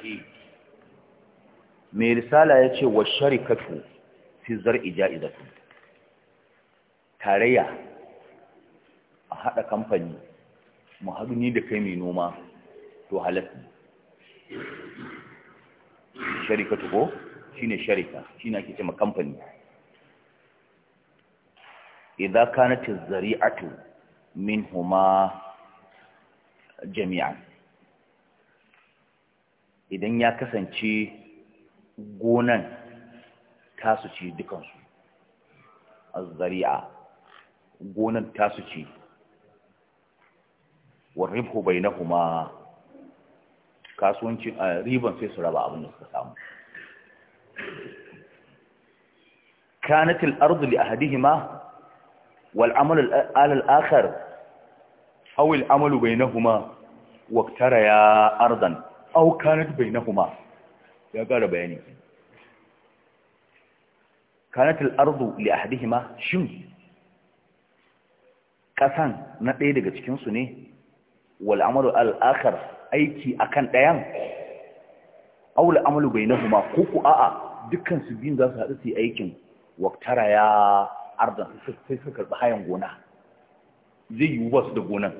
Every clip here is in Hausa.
hakim mai risala ya ce wa sharikatu fi zar'i ja'izatu tarayya a haɗa kamfani mu haɗu ni da kai mai noma to halatta sharikatu ko shine sharika shine ake cewa kamfani idza kanat az-zari'atu minhuma jami'an idan ya kasance gonan tasu ce dukansu zari'a, gonan tasu ce warribhu bainahuma kasuwancin riban sai su raba abin da suka samu a كانت الأرض لأحدهما والعمل على الآخر أو العمل بينهما ya أرضا au bainahuma ya ƙara bayani kanatul al-ardu li ahadihima shin kasan na ɗaya daga cikin su ne wal amalu al-akhar aiki akan ɗayan aw al amalu bainahuma ko ku a'a dukkan su biyun za su haɗu su yi aikin waktara ya ardan sai suka karɓi hayan gona zai yiwu wasu da gonan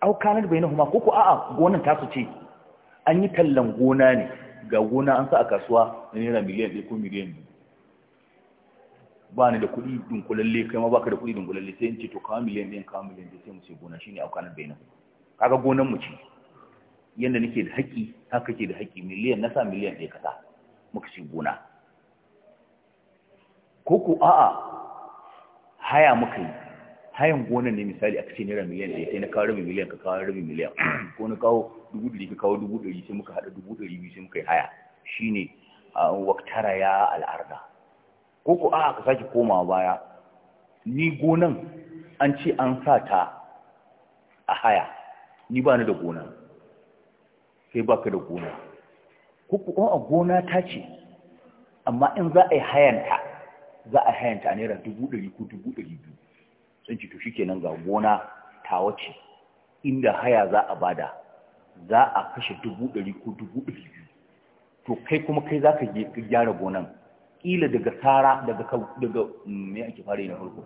aukanar bai nahuma ko ku a'a gonan tasu ce an yi tallan gona ne ga gona an sa a kasuwa na naira miliyan ɗaya ko miliyan biyu ba ni da kuɗi dunkulalle kai ma baka da kuɗi dunkulalle sai in ce to kawo miliyan ɗaya kawo miliyan ɗaya sai mu ce gona shine aukanar bai nahuma kaga gonan mu ce yanda nake da haƙƙi haka ke da haƙƙi miliyan na sa miliyan ɗaya kasa muka ce gona ko ku a'a haya muka yi hayan gonan ne misali a kashe naira miliyan ɗaya sai na kawo rabin miliyan ka kawo rabin miliyan ko na kawo dubu ɗari ka kawo dubu ɗari sai muka haɗa dubu ɗari biyu sai muka yi haya shine a waktara ya al'arda ko ko a ka sake komawa baya ni gonan an ce an sa ta a haya ni ba ni da gona sai ka da gona ko ko a gona ta ce amma in za a yi hayanta za a yi hayanta a naira dubu ɗari ko dubu ɗari biyu sun ci to shikenan ga gona ta wace inda haya za a bada za a kashe dubu ɗari ko dubu ɗari biyu to kai kuma kai za ka gyara gonan ƙila daga tsara daga daga mm, me ake fara na farko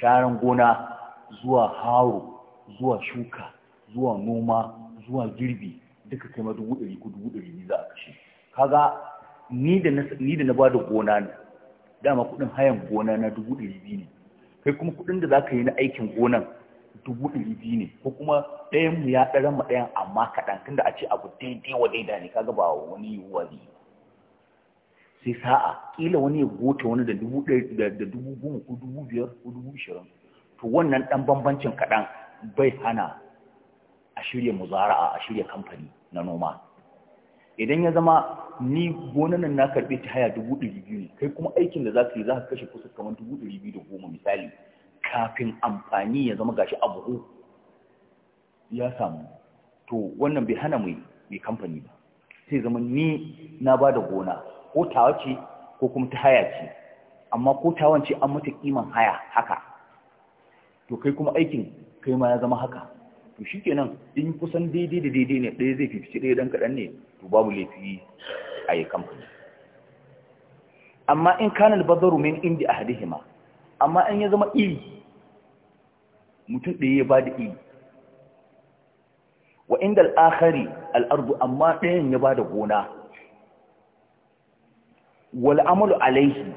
sharan gona zuwa haro zuwa shuka zuwa noma zuwa girbi duka kai ma dubu ɗari ko dubu ɗari biyu za a kashe kaga ni da na ba da gona dama kuɗin hayan gona na dubu ɗari biyu ne kai kuma kuɗin da za ka yi na aikin gonan dubu ɗari biyu ne ko kuma ɗayan mu ya ɗara ma ɗayan amma kaɗan tunda a ce abu daidai wa daida ne kaga ba wani yiwuwa ne sai sa'a ƙila wani ya gota wani da dubu da dubu goma ko dubu biyar ko dubu ashirin to wannan ɗan bambancin kaɗan bai hana a shirya muzara'a a shirya kamfani na noma idan ya zama ni gona nan na karbe ta haya dubu ɗari biyu ne kai kuma aikin da za ka yi za ka kashe kusa kamar dubu ɗari biyu da goma misali kafin amfani ya zama gashi buhu ya samu to wannan bai hana mai mai kamfani ba sai zama ni na ba da gona ko tawa ce ko kuma ta haya ce amma ko tawan ce an mata kiman haya haka to kai kuma aikin kai ma ya zama haka to shi kenan in kusan daidai da daidai ne ɗaya zai fifice ɗaya ɗan kaɗan ne to babu laifi a yi kamfani amma in kanar bazaru min indi a hima. amma in ya zama iri mutum ɗaya ya ba da iri wa inda al'akari al'ardu amma ɗayan ya ba da gona wal'amalu alaihi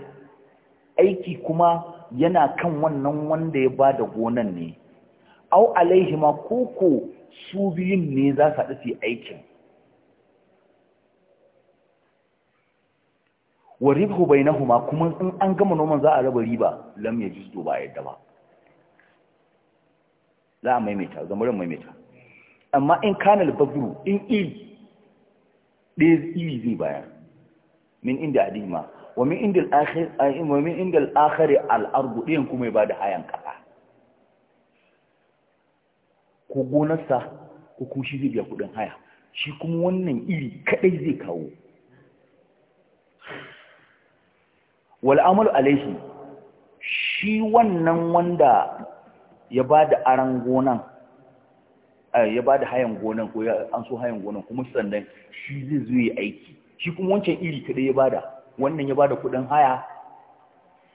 aiki kuma yana kan wannan wanda ya ba da gonan ne au alaihima koko su biyun ne za su haɗu su aikin wa ribhu bainahuma kuma in an gama noman za a raba riba lam yajuz ba yadda ba za a maimaita zamarin maimaita amma in kana al in il ɗaya ili zai bayan min inda adima wa min inda al-akhir wa min inda ɗayan kuma ya bada hayan ka ko gonarsa ko kuma shi zai biya kuɗin haya shi kuma wannan iri kaɗai zai kawo wal'amalu alaihi shi wannan wanda ya ba da aran gonan eh, ya ba da hayan gonan ko an so hayan gonan kuma sannan shi zai zo ya aiki shi kuma wancan iri kaɗai ya ba da wannan ya ba da kuɗin haya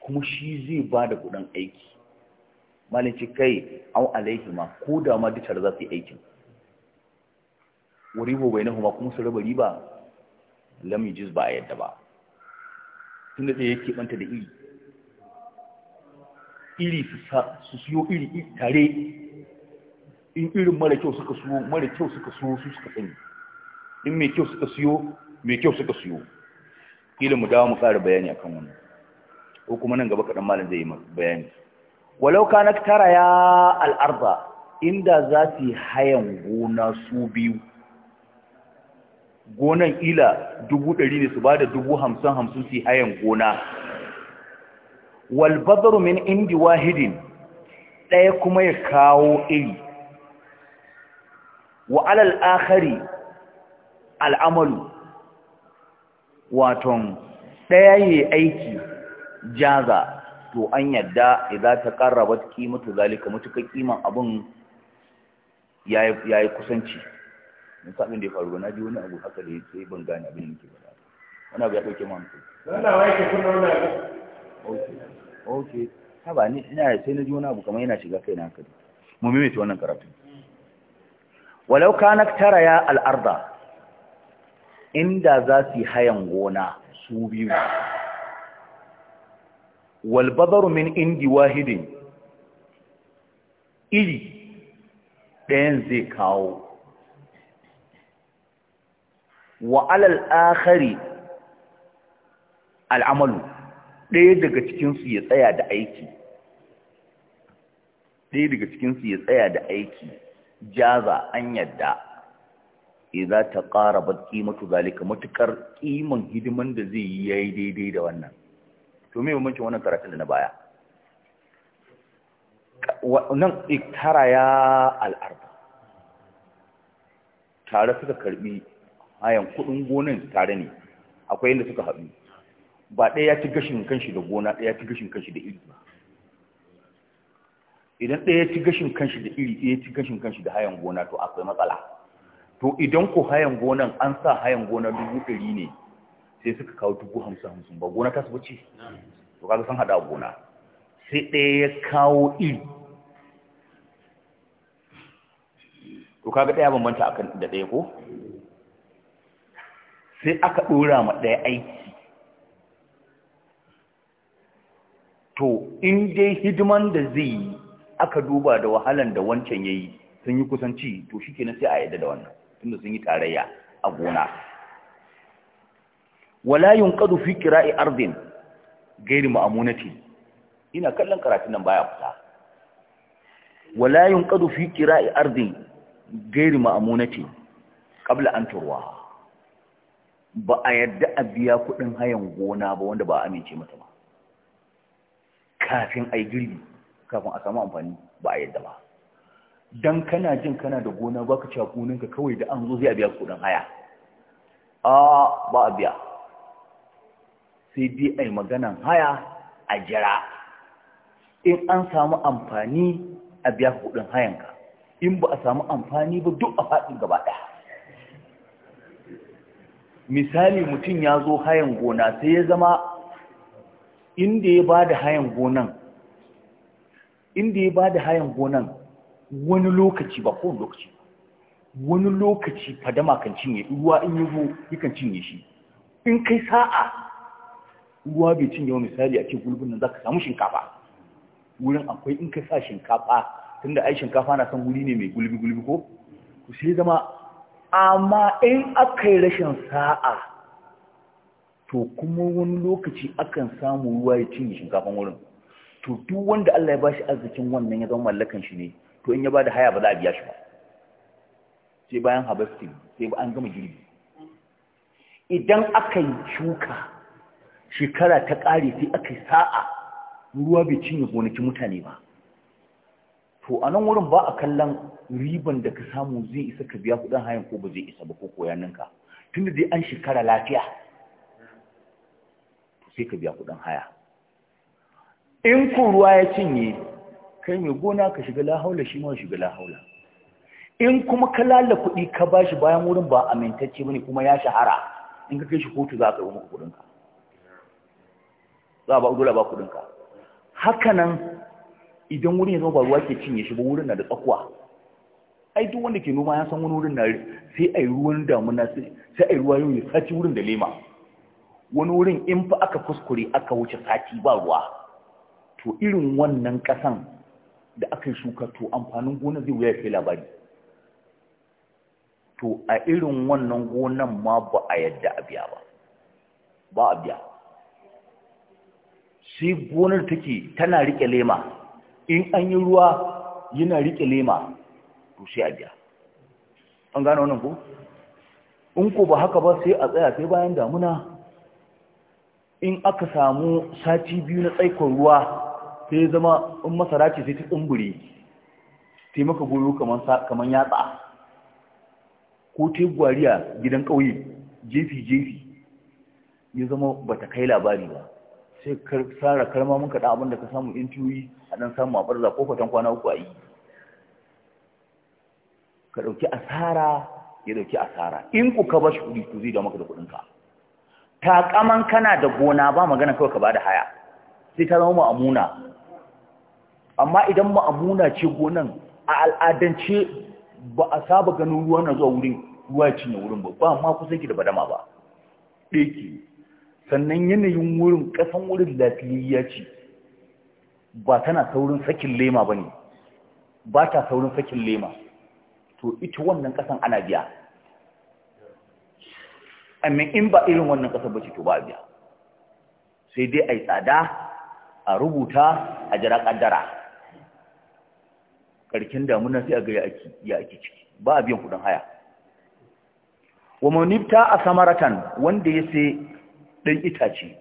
kuma shi zai ba da kuɗin aiki malin kai au alaihima ko da ma duka za su yi aikin wuri bo bai nahuma kuma su raba riba lam yujiz ba a yadda ba tun da sai yake banta da iri iri su siyo iri tare in irin mara kyau suka siyo mara kyau suka siyo su suka sani in mai kyau suka siyo mai kyau suka siyo kila mu dawo mu ƙara bayani akan wannan ko kuma nan gaba kaɗan malam zai yi bayani walau tara ya al'arba inda za su hayan gona su biyu gonan ila dubu ɗari ne su ba da dubu hamsin hamsin su hayan gona walbazaru min indi wahidin ɗaya kuma ya kawo iri wa alal akhari al'amalu waton ɗaya ya aiki jaza to an yadda idza ta taqarrabat qimatu zalika mutuka kiman abun yayi kusanci mun sabin da ya faru na ji wani abu haka da sai ban gane abin da yake ba wannan abu ya dauke mu hankali wannan wai ke kun wannan okay okay ha ba ni ina sai na ji wani abu kamar yana shiga kai na haka mu mimita wannan karatu walau kanak tara ya al-arda inda za su hayan gona su biyu wal badaru min indi wahidin iri ɗayan zai kawo wa alal akhari al'amalu ɗaya daga cikinsu ya tsaya da aiki ɗaya daga cikinsu ya tsaya da aiki jaza an yadda idan ta ƙara ba ƙimatu zalika matuƙar ƙiman hidiman da zai yi ya yi daidai da wannan to me bambancin wannan karatun da na baya nan iktara ya al'arba tare suka karbi hayan kudin gonan tare ne akwai yadda suka haɗu ba ɗaya ya ci gashin kanshi da gona ɗaya ya ci gashin kanshi da iri ba idan ɗaya ya ci gashin kanshi da iri ɗaya ya ci gashin kanshi da hayan gona to akwai matsala to idan ku hayan gonan an sa hayan gona dubu ɗari ne sai suka kawo dubu hamsin hamsin ba gona ta su bace to kaga san hada gona sai ɗaya ya kawo iri to kaga ɗaya bambanta akan da ɗaya ko sai aka ɗora ma ɗaya aiki to in dai hidiman da zai yi aka duba da wahalan da wancan ya yi sun yi kusanci to shi kenan sai a yadda da wannan tunda sun yi tarayya a gona wala yunqadu fi qira'i ardin ghairi ma'amunati ina kallon karatun nan baya fita wala yunqadu fi qira'i ardin ghairi ma'amunati qabla an turwa ba a yadda a biya kudin hayan gona ba wanda ba amince mata ba kafin ai girbi kafin a samu amfani ba a yadda ba dan kana jin kana da gona baka ci kawai da an zo zai biya kudin haya a ba a biya sai dai a yi maganan haya a jira in an samu amfani a biya kudin hayanka in ba a samu amfani ba duk a faɗin gaba ɗaya misali mutum ya zo hayan gona sai ya zama inda ya ba da hayan gonan inda ya ba da hayan gonan wani lokaci ba kowane lokaci wani lokaci fadama kan cinye ruwa in yi zo yakan cinye shi in kai sa'a ruwa bai cinye misali a ce gulbin nan ka samu shinkafa wurin akwai in ka sa shinkafa tunda ai shinkafa na san wuri ne mai gulbi gulbi ko ku sai zama amma in aka yi rashin sa'a to kuma wani lokaci akan samu ruwa ya cinye shinkafan wurin to duk wanda Allah ya bashi arzikin wannan ya zama mallakan shi ne to in ya ba da haya ba za a biya shi ba sai bayan harvesting sai an gama girbi idan aka yi shuka shekara ta ƙare sai aka sa'a ruwa bai cinye gonakin mutane ba to a nan wurin ba a kallon riban da ka samu zai isa ka biya kuɗin hayan ko ba zai isa ba ko koyaninka tun da dai an shekara lafiya sai ka biya kuɗin haya in ku ruwa ya cinye kai mai gona ka shiga lahaula shi ma shiga lahaula in kuma ka lalla kuɗi ka bashi bayan wurin ba amintacce ne kuma ya shahara in ka kai shi kotu za ka yi kuɗin kuɗinka za ba dole ba haka hakanan idan wurin ya zama ba ruwa ke cinye shi ba wurin na da tsakuwa ai duk wanda ke noma ya san wani wurin na sai ai ruwan damuna sai ai ruwa yau ya wurin da lema wani wurin in fa aka kuskure aka wuce sati ba ruwa to irin wannan kasan da aka yi shuka to amfanin gona zai wuya kai labari to a irin wannan gonan ma ba a yadda a biya ba ba a biya sai gonar take tana rike lema in an yi ruwa yana rike lema to sai a biya an gano wannan ko in ko ba haka ba sai a tsaya sai bayan damuna in aka samu sati biyu na tsaikon ruwa sai zama in masara ce sai ta tsumbure sai maka goyo kaman yatsa ko ta gwariya gidan ƙauye jefi-jefi ya zama ba ta kai labari ba sai tsara kalma kaɗan abin abinda ka samu intuyi a dan samu a barza ko kwatan kwana uku a yi ka ɗauki asara ya ɗauki asara in ku ka bashi kuɗi ku zai da maka da kuɗinka kaman kana da gona ba magana kawai ka ba da haya sai ta zama ma'amuna amma idan ma'amuna ce gonan a al'adance ba a saba ganin ruwa na zuwa wurin ruwa cinye wurin ba ba ma kusan ki da badama ba sannan yanayin wurin ƙasan wurin lafiyayya ce ba tana saurin sakin lema ba ne ba ta saurin sakin lema to ita wannan ƙasan ana biya amma in ba irin wannan kasan ba ce to ba biya sai dai a yi tsada a rubuta a jira ƙaddara ƙarkin damuna sai a ga ya ake ciki ba a biyan kudin haya wa manibta a samaratan wanda ya sai ɗan itace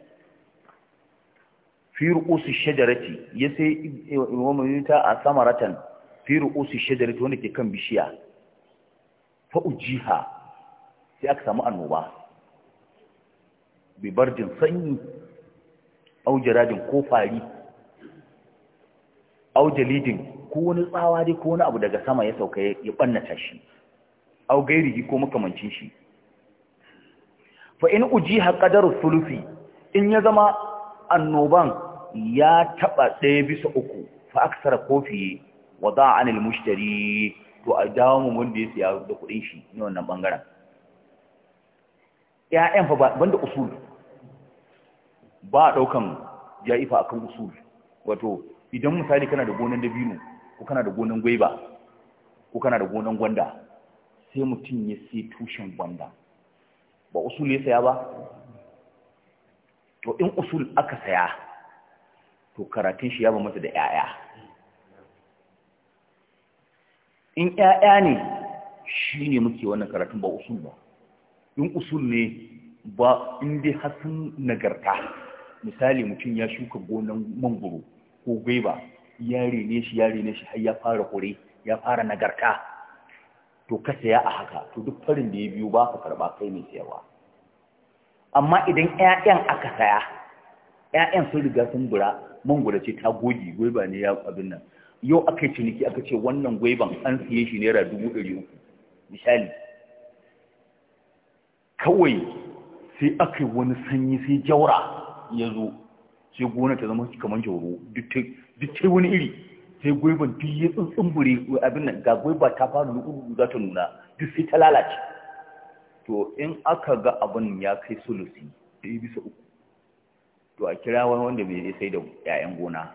fi shajarati ya sai imamunita a samaratan fi shajarati wanda ke kan bishiya fa ujiha sai aka samu annoba bibardin sanyi aujaradin ko fari aujalidin ko wani tsawa dai ko wani abu daga sama ya sauka ya ɓannata shi au gairigi ko makamancin shi fa in ujiha qadaru sulufi in ya zama annoban ya taɓa ɗaya bisa uku fa aksara kofi a anil mushtari to a dawo mu wanda ya siya da kuɗin shi ne wannan bangaren Ya'yan fa banda usul ba daukan ja'ifa akan usul wato idan misali kana da gonan dabino ko kana da gonan gwaiba ko kana da gonan gwanda sai mutum ya sai tushen gwanda ba usul ya saya ba to in usul aka saya to karatun shi ya mata da 'ya'ya in 'ya'ya ne shi ne muke wannan karatun ba usul ba in usul ne ba in dai hasin nagarta misali mutum ya shuka gonan mangoro ko gwaiba yare ne shi yare ne shi har ya fara kure ya fara nagarta to ka saya a haka to duk farin da ya biyo ba ka karba kai mai sayarwa amma idan ƴaƴan aka saya ƴaƴan sun riga sun gura gura ce ta goge gwaiba ne ya abin nan yau aka ciniki aka ce wannan gwaiban an siye shi naira dubu ɗari uku misali kawai sai aka yi wani sanyi sai jaura ya zo sai gona ta zama kamar jauro duk ta wani iri sai gwaiban yi tsuntsun buri abin nan ga gwaiba ta fara rukudu za ta nuna duk sai ta lalace to in aka ga abin ya kai sulusi yi bisa uku to a kira wani wanda bai sai da 'ya'yan gona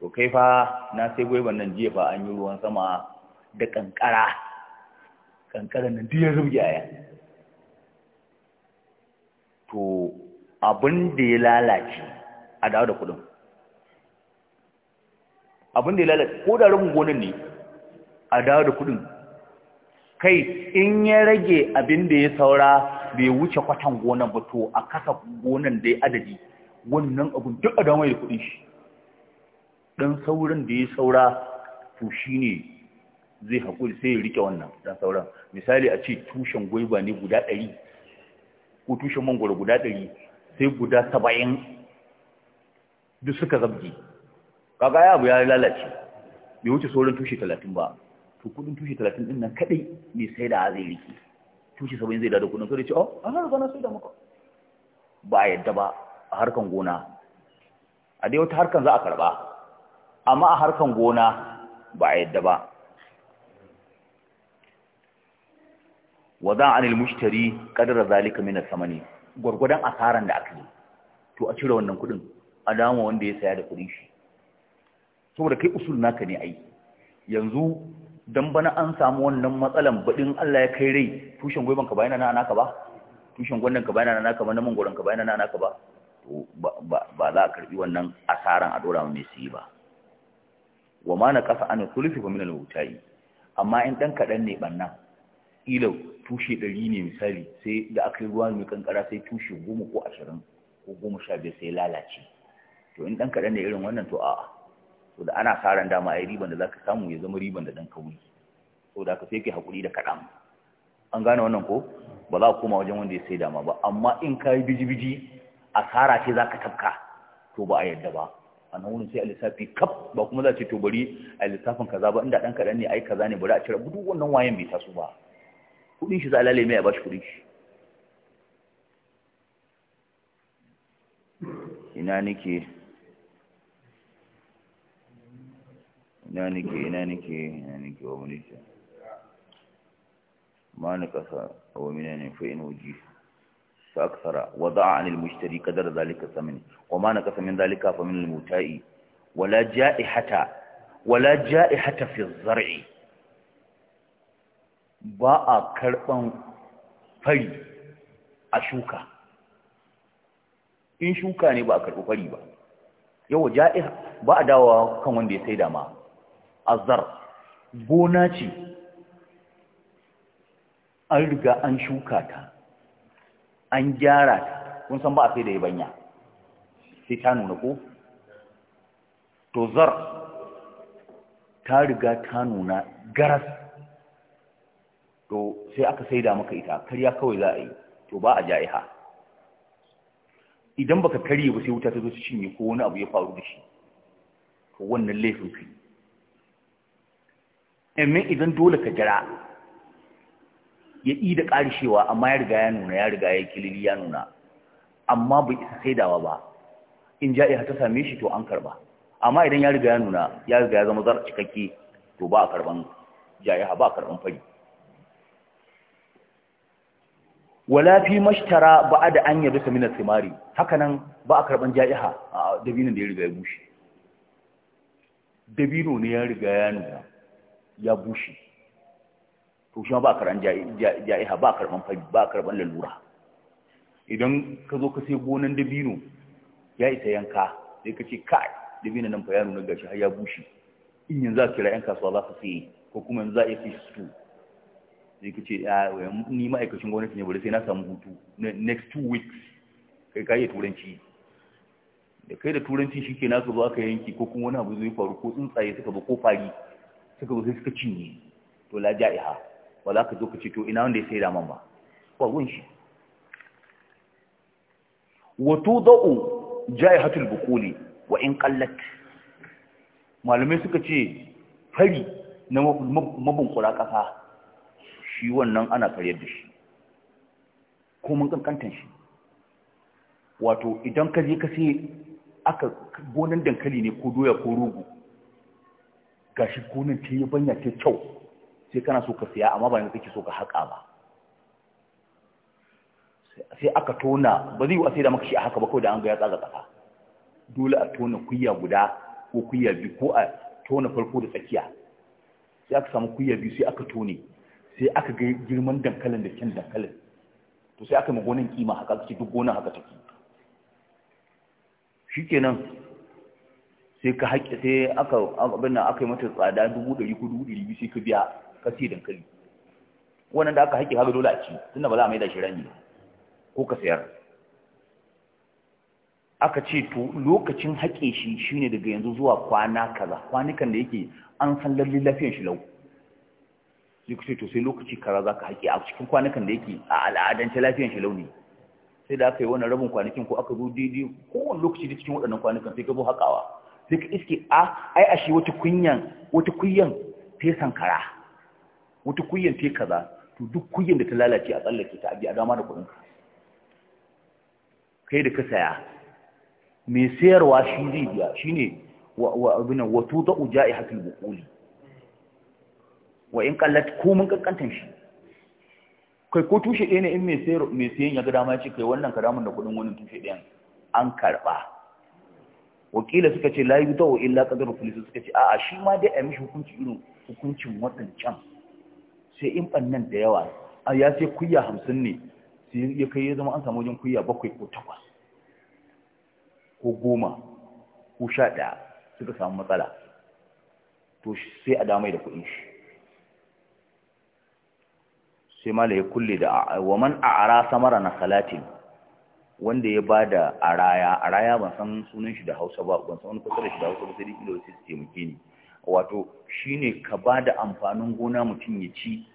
to kai fa na sai gwaiban nan jiya fa an yi ruwan sama da kankara kankara nan duk ya rubuge aya to abin da ya lalace a dawo da kuɗin abin da ya lalata ko da rabin gonan ne a dawo da kudin kai in ya rage abin da ya saura bai wuce kwatan gonan ba to a kasa gonan da ya adadi wannan abin duk a damar da kudin shi dan saurin da ya saura to shine zai haƙuri sai ya rike wannan dan sauran misali a ce tushen gwaiba ne guda ɗari ko tushen mangoro guda ɗari sai guda saba'in duk suka zabge kaga ya abu ya lalace bai wuce saurin tushe talatin ba to kudin tushe talatin din nan kadai mai sai da zai riki tushe saba'in zai dada kudin sai ce oh an har gona sai da maka ba a yadda ba a harkan gona a dai wata harkan za a karba amma a harkan gona ba a yadda ba wada anil mushtari kadara zalika min samani gurgudan asaran da aka yi to a cire wannan kudin a dama wanda ya saya da kudin shi saboda kai usul naka ne ai yanzu dan bana an samu wannan matsalan baɗin Allah ya kai rai tushen goyen ka bayana na naka ba tushen gwannan ka bayana na naka ba na mangoron ka bayana na naka ba to ba za a karbi wannan asaran a dora mai su ba wa mana na an sulufi fa min al-wutai amma in dan kadan ne bannan ila tushe 100 ne misali sai da aka yi ruwa mai kankara sai tushe 10 ko 20 ko 15 sai lalace to in dan kadan ne irin wannan to a'a so da ana sa dama ai riban da zaka samu ya zama riban da dan kauri so da ka sai kai hakuri da kadan an gane wannan ko ba za ku koma wajen wanda ya sai dama ba amma in kai biji-biji asara ce zaka tafka to ba a yadda ba a nan wurin sai a kaf ba kuma za ce to bari a kaza ba inda dan kadan ne ai kaza ne bari a cire duk wannan wayan bai taso ba kudin shi za a lalace mai a bashi kudin shi ina nake ina nake ina nake ina nake wa mulita ma na kasa wa mina ne fa in wuji fa akthara wa da'a anil mushtari kadar zalika samani wa ma na kasa min zalika fa min al-muta'i wala ja'ihata wala ja'ihata fi zar'i ba a karban fari a shuka in shuka ne ba a karɓi fari ba yawa ja'iha ba a dawowa kan wanda ya sai ma azar gona ce an riga an shuka ta an gyara ta kun san ba a sai da yabanya sai ta nuna ko to zar ta riga ta nuna garas to sai aka saida maka ita karya kawai za a yi to ba a ja'iha idan baka karye ba sai wuta ta zo su cinye ko wani abu ya faru da shi to wannan laifin kai amma idan dole ka jira ya yi da ƙarshewa amma ya riga ya nuna ya riga ya kilili ya nuna amma bai isa saidawa ba in ya ta same shi to an karba amma idan ya riga ya nuna ya riga ya zama zar cikakke to ba a karban ja'iha ba a karban fari wala fi mashtara ba da an yabi samina simari haka nan ba a karban ja'iha a dabinin da ya riga ya bushe dabino ne ya riga ya nuna ya bushe to shi ba karan ja'iha ba karban fari ba karban lalura idan ka zo ka sai gonan dabino ya isa yanka sai ka ce kai dabino nan fa ya nuna gashi har ya bushe in yanzu za kira yan kasuwa za su sai ko kuma yanzu za a iya su sai ka ce ah, ni ma'aikacin gwamnati ne bari sai na samu hutu next two weeks kai ka iya turanci da kai da turanci shi ke ka zo aka yanki ko kuma wani abu zai faru ko tsuntsaye suka zo ko fari suka wuce suka cinye to la ja'iha ba za ka zo ka ce to ina wanda ya sai da man ba ba gun shi wa da'u ja'ihatul buquli wa in qallat malamai suka ce fari na kura kasa shi wannan ana karyar da shi ko mun kankantan shi wato idan ka je ka sai aka gonan dankali ne ko doya ko rogo. gashi gonan ta yi banya ta kyau sai kana so ka siya amma ba yanzu kake so ka haƙa ba sai aka tona ba zai yi a da maka shi a haka ba kawai da an ga ya tsaga ƙasa dole a tona kuyya guda ko kuyya biyu ko a tona farko da tsakiya sai aka samu kuyya biyu sai aka tone sai aka ga girman dankalin da kyan dankalin to sai aka ma gonan kima haka aka ce duk gonan haka take shikenan sai ka haƙƙi sai aka abin aka yi mata tsada dubu ɗari ko dubu ɗari biyu sai ka biya ka sai dankali wannan da aka haƙƙi haka dole a ci tunda ba za a maida shi rami, ko ka sayar aka ce to lokacin haƙe shi shine daga yanzu zuwa kwana kaza kwanukan da yake an san lalle lafiyan shi lau sai ku ce to sai lokaci kaza za ka haƙe a cikin kwanukan da yake a al'adance lafiyan shi lau ne sai da aka yi wannan rabin kwanakin ko aka zo daidai kowane lokaci da cikin waɗannan kwanikan sai ka zo haƙawa sai iske a ai ashe wata kunyan wata kuyan sai sankara wata ta yi kaza to duk kunyan da ta lalace a tsallake ta abi a dama da kudin kai da ka saya mai sayarwa shi zai biya shine wa abinan wato da uja'i hakan bukuli wa in kallat komin kankantan shi kai ko tushe ɗaya ne in mai sayan ya ga dama ya ce kai wannan karamin da kuɗin wani tushe ɗayan an karɓa wakila suka ce la yuta wa illa qadaru fulis suka ce a'a shi ma dai a mishi hukunci irin hukuncin wadancan sai in bannan da yawa a ya sai kuyya hamsin ne sai ya kai ya zama an samu wajen kuyya bakwai ko takwas ko goma ko sha ɗaya suka samu matsala to sai a damai da kuɗin shi sai mala ya kulle da wa man a'ara samara na salatin wanda ya ba da araya araya ban san sunan shi da hausa ba ban san wani fasara shi da hausa ba sai dai ilo sai su taimake ni wato ne ka ba da amfanin gona mutum ya ci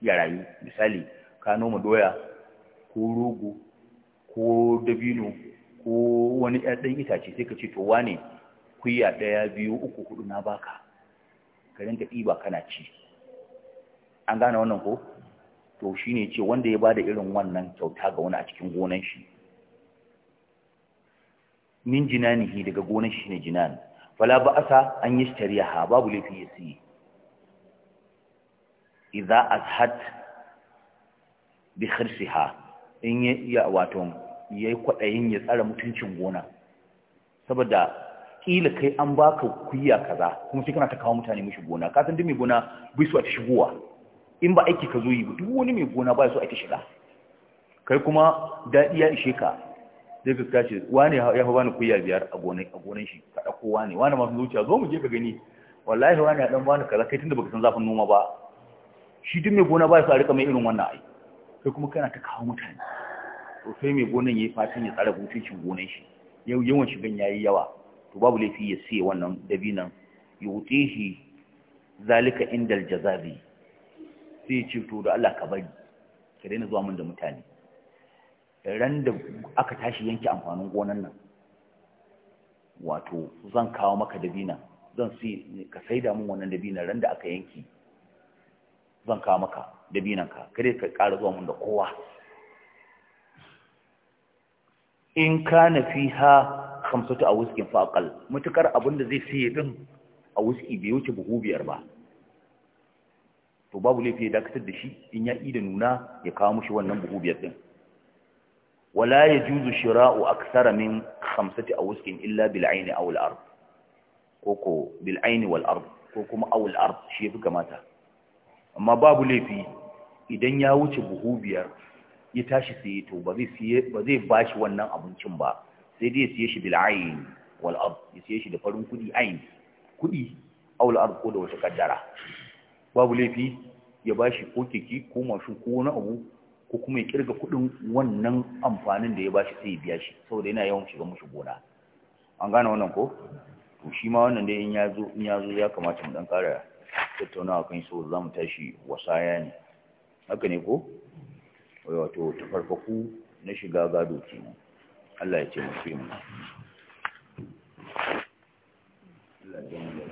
ya rayu misali ka noma doya ko rogo ko dabino ko wani ɗan itace sai ka ce to wane kuya ɗaya biyu uku hudu na baka ka rinka ɗiba kana ci an gane wannan ko to ne ce wanda ya bada irin wannan kyauta ga wani a cikin gonan shi min jinanihi daga gonan shi ne jinan fala ba'asa an yi ha babu lafi yasi idza azhat bi khirsiha in ya wato yayi kwadayin ya tsara mutuncin gona saboda kila kai an baka kuyya kaza kuma sai kana ta kawo mutane mishi gona ka san dimi gona bai su ta shigowa in ba aiki ka zo yi ba duk wani mai gona ba so aiki shiga kai kuma daɗi ya ishe ka zai ka tashi wani ya fa bani kuyya biyar a gonan shi ka ɗauko wani wani masu zuciya zo mu je ka gani wallahi wani ya ɗan bani kaza kai tunda baka san zafin noma ba shi duk mai gona ba so a rika mai irin wannan ai kai kuma kana ta kawo mutane to sai mai gonan ya yi fatan ya tsara butuncin gonan shi yau yawan shigan yi yawa to babu laifi ya siye wannan dabinan shi zalika indal jazabi sai ce to da Allah ka bari ka daina zuwa min da mutane ran da aka tashi yanke amfanin gonan nan wato zan kawo maka dabina zan sai ka saida min wannan dabina ran da aka yanke zan kawo maka dabinan ka kada ka ƙara zuwa min da kowa in kana fiha khamsatu a wuskin faqal mutukar abinda zai siye din a wuski bai wuce buhu biyar ba to babu laifi ya dakatar da shi in ya da nuna ya kawo mushi wannan buhu biyar din wala ya juzu shira'u aksara min khamsati awskin illa bil aini aw al ard koko bil wal ard ko kuma aw al ard shi yafi kamata amma babu laifi idan ya wuce buhu biyar ya tashi sai to ba zai siye ba zai bashi wannan abincin ba sai dai ya siye shi bil aini wal ard ya siye shi da farin kudi aini kudi aw al ard ko da wata kaddara babu laifi ya bashi ko keke ko mashin ko wani abu ko kuma ya kirga kudin wannan amfanin da ya bashi sai ya biya shi saboda yana yawan shiga mashi gona an gane wannan ko to shi ma wannan dai in ya zo in ya zo ya kamata mu dan kara tattaunawa kan shi saboda zamu tashi wasaya ne haka ne ko wato tafarfaku na shiga gado kenan Allah ya ce mu mu Allah ya